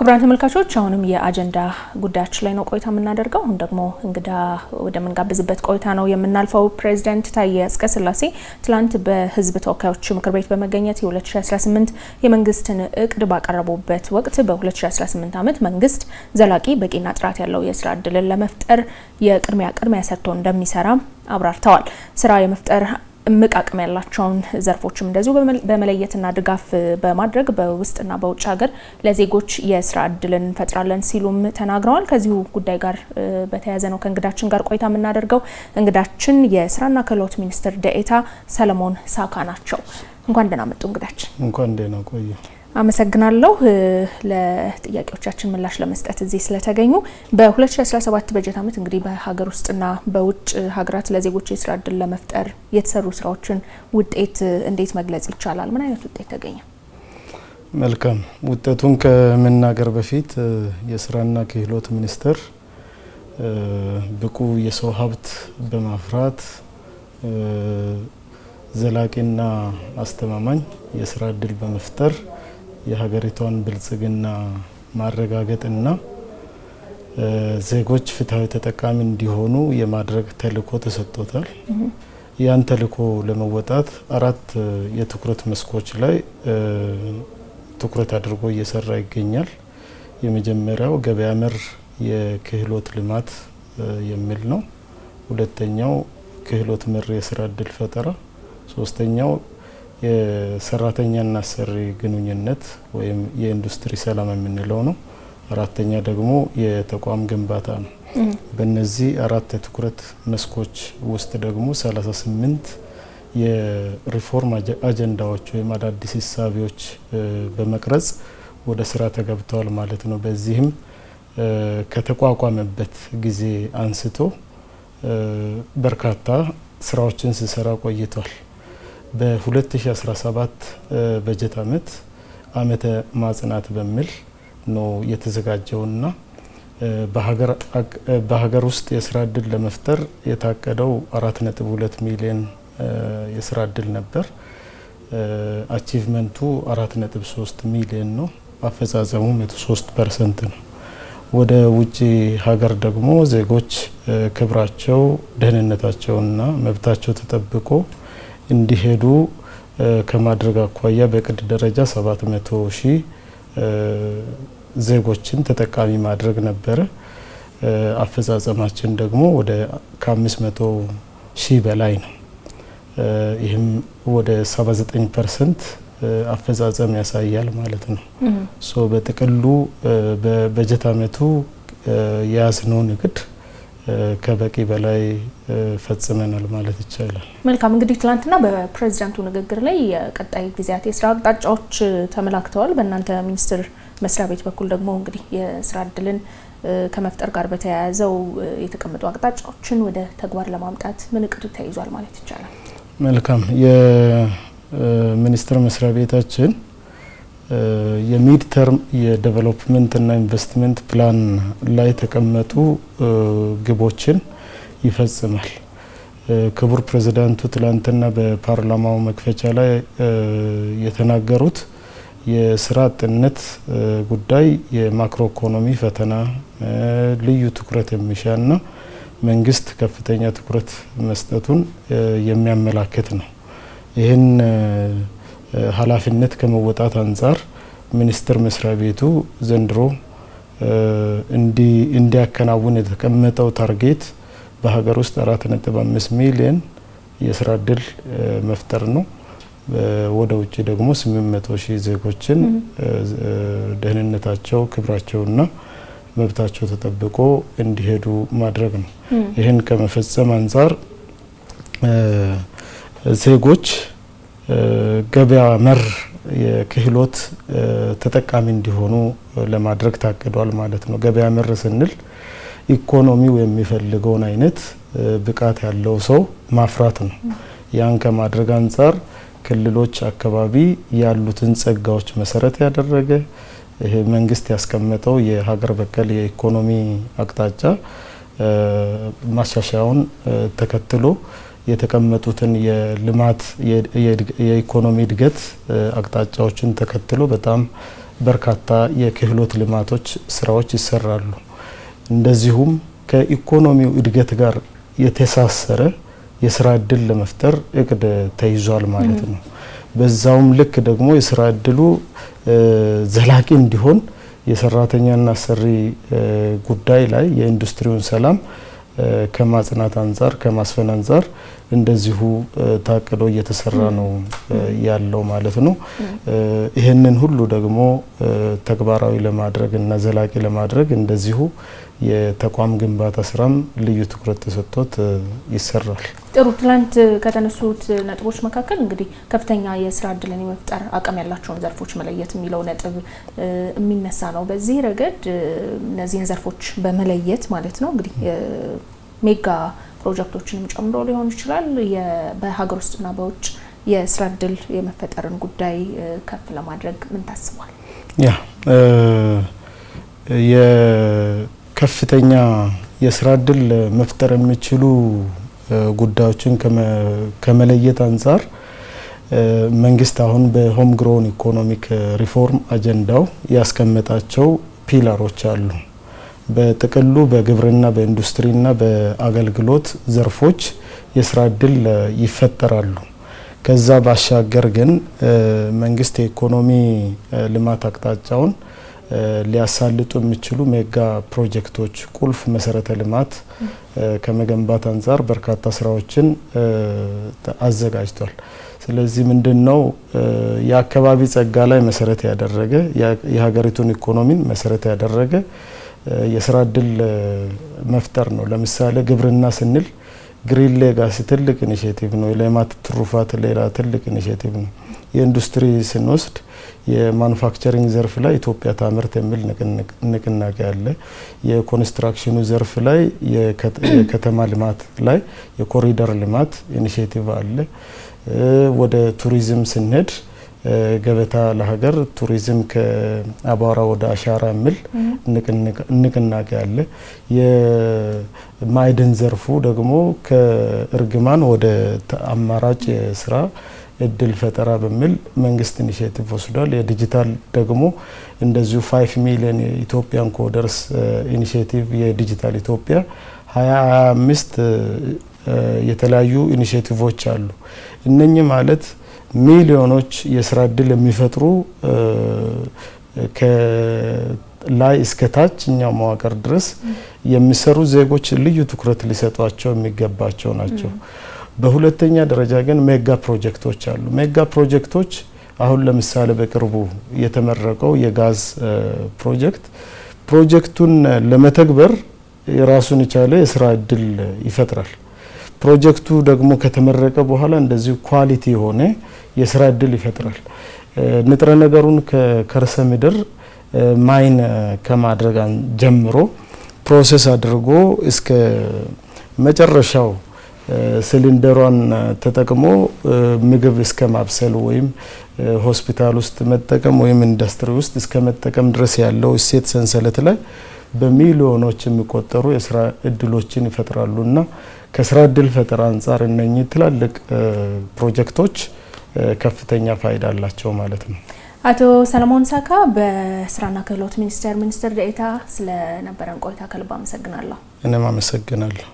ክቡራን ተመልካቾች አሁንም የአጀንዳ ጉዳያችን ላይ ነው ቆይታ የምናደርገው። አሁን ደግሞ እንግዳ ወደምንጋብዝበት ቆይታ ነው የምናልፈው። ፕሬዚደንት ታዬ አጽቀሥላሴ ትላንት በሕዝብ ተወካዮች ምክር ቤት በመገኘት የ2018 የመንግስትን እቅድ ባቀረቡበት ወቅት በ2018 ዓመት መንግስት ዘላቂ በቂና ጥራት ያለው የስራ እድልን ለመፍጠር የቅድሚያ ቅድሚያ ሰጥቶ እንደሚሰራ አብራርተዋል። ስራ የመፍጠር እምቅ አቅም ያላቸውን ዘርፎችም እንደዚሁ በመለየትና ድጋፍ በማድረግ በውስጥና በውጭ ሀገር ለዜጎች የስራ እድልን እንፈጥራለን ሲሉም ተናግረዋል። ከዚሁ ጉዳይ ጋር በተያያዘ ነው ከእንግዳችን ጋር ቆይታ የምናደርገው። እንግዳችን የስራና ክህሎት ሚኒስትር ደኤታ ሰለሞን ሳካ ናቸው። እንኳን ደህና መጡ እንግዳችን። እንኳን ደህና ቆየ። አመሰግናለሁ ለጥያቄዎቻችን ምላሽ ለመስጠት እዚህ ስለተገኙ። በ2017 በጀት ዓመት እንግዲህ በሀገር ውስጥና በውጭ ሀገራት ለዜጎች የስራ እድል ለመፍጠር የተሰሩ ስራዎችን ውጤት እንዴት መግለጽ ይቻላል? ምን አይነት ውጤት ተገኘ? መልካም። ውጤቱን ከመናገር በፊት የስራና ክህሎት ሚኒስቴር ብቁ የሰው ሀብት በማፍራት ዘላቂና አስተማማኝ የስራ እድል በመፍጠር የሀገሪቷን ብልጽግና ማረጋገጥና ዜጎች ፍትሐዊ ተጠቃሚ እንዲሆኑ የማድረግ ተልኮ ተሰጥቶታል። ያን ተልኮ ለመወጣት አራት የትኩረት መስኮች ላይ ትኩረት አድርጎ እየሰራ ይገኛል። የመጀመሪያው ገበያ መር የክህሎት ልማት የሚል ነው። ሁለተኛው ክህሎት መር የስራ እድል ፈጠራ፣ ሶስተኛው የሰራተኛና ሰሪ ግንኙነት ወይም የኢንዱስትሪ ሰላም የምንለው ነው። አራተኛ ደግሞ የተቋም ግንባታ ነው። በእነዚህ አራት የትኩረት መስኮች ውስጥ ደግሞ 38 የሪፎርም አጀንዳዎች ወይም አዳዲስ ሳቢዎች በመቅረጽ ወደ ስራ ተገብተዋል ማለት ነው። በዚህም ከተቋቋመበት ጊዜ አንስቶ በርካታ ስራዎችን ሲሰራ ቆይቷል። በ2017 በጀት ዓመት ዓመተ ማጽናት በሚል ነው የተዘጋጀውና በሀገር ውስጥ የስራ እድል ለመፍጠር የታቀደው 4.2 ሚሊዮን የስራ እድል ነበር። አቺቭመንቱ 4.3 ሚሊዮን ነው። አፈጻጸሙ 103 ፐርሰንት ነው። ወደ ውጭ ሀገር ደግሞ ዜጎች ክብራቸው፣ ደህንነታቸውና መብታቸው ተጠብቆ እንዲሄዱ ከማድረግ አኳያ በቅድ ደረጃ 700 ሺህ ዜጎችን ተጠቃሚ ማድረግ ነበረ። አፈጻጸማችን ደግሞ ወደ ከ500 ሺህ በላይ ነው። ይህም ወደ 79 ፐርሰንት አፈጻጸም ያሳያል ማለት ነው። ሶ በጥቅሉ በበጀት አመቱ የያዝነውን እቅድ ከበቂ በላይ ፈጽመናል ማለት ይቻላል። መልካም እንግዲህ ትናንትና በፕሬዚዳንቱ ንግግር ላይ የቀጣይ ጊዜያት የስራ አቅጣጫዎች ተመላክተዋል። በእናንተ ሚኒስቴር መስሪያ ቤት በኩል ደግሞ እንግዲህ የስራ እድልን ከመፍጠር ጋር በተያያዘው የተቀመጡ አቅጣጫዎችን ወደ ተግባር ለማምጣት ምን እቅድ ተይዟል ማለት ይቻላል? መልካም የሚኒስቴር መስሪያ ቤታችን የሚድ ተርም እና ኢንቨስትመንት ፕላን ላይ የተቀመጡ ግቦችን ይፈጽማል። ክቡር ፕሬዚዳንቱ ትላንትና በፓርላማው መክፈቻ ላይ የተናገሩት የስራ አጥነት ጉዳይ የማክሮ ኢኮኖሚ ፈተና ልዩ ትኩረት የሚሻና መንግስት ከፍተኛ ትኩረት መስጠቱን የሚያመላክት ነው። ይህን ኃላፊነት ከመወጣት አንጻር ሚኒስቴር መስሪያ ቤቱ ዘንድሮ እንዲያከናውን የተቀመጠው ታርጌት በሀገር ውስጥ ነጥብ አምስት ሚሊዮን የስራ እድል መፍጠር ነው። ወደ ውጭ ደግሞ መቶ ሺህ ዜጎችን ደህንነታቸው፣ ክብራቸውና መብታቸው ተጠብቆ እንዲሄዱ ማድረግ ነው። ይህን ከመፈጸም አንጻር ዜጎች ገበያ መር የክህሎት ተጠቃሚ እንዲሆኑ ለማድረግ ታቅዷል ማለት ነው። ገበያ መር ስንል ኢኮኖሚው የሚፈልገውን አይነት ብቃት ያለው ሰው ማፍራት ነው። ያን ከማድረግ አንጻር ክልሎች አካባቢ ያሉትን ጸጋዎች መሰረት ያደረገ ይሄ መንግስት ያስቀመጠው የሀገር በቀል የኢኮኖሚ አቅጣጫ ማሻሻያውን ተከትሎ የተቀመጡትን የልማት የኢኮኖሚ እድገት አቅጣጫዎችን ተከትሎ በጣም በርካታ የክህሎት ልማቶች ስራዎች ይሰራሉ። እንደዚሁም ከኢኮኖሚው እድገት ጋር የተሳሰረ የስራ እድል ለመፍጠር እቅድ ተይዟል ማለት ነው። በዛውም ልክ ደግሞ የስራ እድሉ ዘላቂ እንዲሆን የሰራተኛና ሰሪ ጉዳይ ላይ የኢንዱስትሪውን ሰላም ከማጽናት አንጻር ከማስፈን አንጻር እንደዚሁ ታቅዶ እየተሰራ ነው ያለው ማለት ነው። ይህንን ሁሉ ደግሞ ተግባራዊ ለማድረግ እና ዘላቂ ለማድረግ እንደዚሁ የተቋም ግንባታ ስራም ልዩ ትኩረት ተሰጥቶት ይሰራል። ጥሩ። ትናንት ከተነሱት ነጥቦች መካከል እንግዲህ ከፍተኛ የስራ እድልን የመፍጠር አቅም ያላቸውን ዘርፎች መለየት የሚለው ነጥብ የሚነሳ ነው። በዚህ ረገድ እነዚህን ዘርፎች በመለየት ማለት ነው እንግዲህ ሜጋ ፕሮጀክቶችንም ጨምሮ ሊሆን ይችላል። በሀገር ውስጥና በውጭ የስራ እድል የመፈጠርን ጉዳይ ከፍ ለማድረግ ምን ታስቧል? ያ የከፍተኛ የስራ እድል መፍጠር የሚችሉ ጉዳዮችን ከመለየት አንጻር መንግስት አሁን በሆም ግሮን ኢኮኖሚክ ሪፎርም አጀንዳው ያስቀመጣቸው ፒላሮች አሉ። በጥቅሉ በግብርና በኢንዱስትሪና በአገልግሎት ዘርፎች የስራ እድል ይፈጠራሉ። ከዛ ባሻገር ግን መንግስት የኢኮኖሚ ልማት አቅጣጫውን ሊያሳልጡ የሚችሉ ሜጋ ፕሮጀክቶች፣ ቁልፍ መሰረተ ልማት ከመገንባት አንጻር በርካታ ስራዎችን አዘጋጅቷል። ስለዚህ ምንድን ነው የአካባቢ ጸጋ ላይ መሰረት ያደረገ የሀገሪቱን ኢኮኖሚን መሰረት ያደረገ የስራ እድል መፍጠር ነው። ለምሳሌ ግብርና ስንል ግሪን ሌጋሲ ትልቅ ኢኒሽቲቭ ነው። የሌማት ትሩፋት ሌላ ትልቅ ኢኒሽቲቭ ነው። የኢንዱስትሪ ስንወስድ የማኑፋክቸሪንግ ዘርፍ ላይ ኢትዮጵያ ታምርት የሚል ንቅናቄ አለ። የኮንስትራክሽኑ ዘርፍ ላይ የከተማ ልማት ላይ የኮሪደር ልማት ኢኒሽቲቭ አለ። ወደ ቱሪዝም ስንሄድ ገበታ ለሀገር ቱሪዝም ከአቧራ ወደ አሻራ የሚል ንቅናቄ አለ። የማዕድን ዘርፉ ደግሞ ከእርግማን ወደ አማራጭ ስራ እድል ፈጠራ በሚል መንግስት ኢኒሽቲቭ ወስዷል። የዲጂታል ደግሞ እንደዚሁ ፋይቭ ሚሊዮን የኢትዮጵያን ኮደርስ ኢኒሽቲቭ የዲጂታል ኢትዮጵያ ሀያ ሀያ አምስት የተለያዩ ኢኒሽቲቮች አሉ። እነኚህ ማለት ሚሊዮኖች የስራ እድል የሚፈጥሩ ከላይ እስከ ታችኛው መዋቅር ድረስ የሚሰሩ ዜጎች ልዩ ትኩረት ሊሰጧቸው የሚገባቸው ናቸው። በሁለተኛ ደረጃ ግን ሜጋ ፕሮጀክቶች አሉ። ሜጋ ፕሮጀክቶች አሁን ለምሳሌ በቅርቡ የተመረቀው የጋዝ ፕሮጀክት ፕሮጀክቱን ለመተግበር የራሱን የቻለ የስራ እድል ይፈጥራል። ፕሮጀክቱ ደግሞ ከተመረቀ በኋላ እንደዚሁ ኳሊቲ የሆነ የስራ እድል ይፈጥራል። ንጥረ ነገሩን ከከርሰ ምድር ማይን ከማድረግ ጀምሮ ፕሮሰስ አድርጎ እስከ መጨረሻው ሲሊንደሯን ተጠቅሞ ምግብ እስከ ማብሰል ወይም ሆስፒታል ውስጥ መጠቀም ወይም ኢንዱስትሪ ውስጥ እስከ መጠቀም ድረስ ያለው እሴት ሰንሰለት ላይ በሚሊዮኖች የሚቆጠሩ የስራ እድሎችን ይፈጥራሉ እና ከስራ እድል ፈጠራ አንጻር እነኚህ ትላልቅ ፕሮጀክቶች ከፍተኛ ፋይዳ አላቸው ማለት ነው። አቶ ሰለሞን ሳካ በስራና ክህሎት ሚኒስቴር ሚኒስትር ዴኤታ ስለነበረን ቆይታ ከልብ አመሰግናለሁ። እኔም አመሰግናለሁ።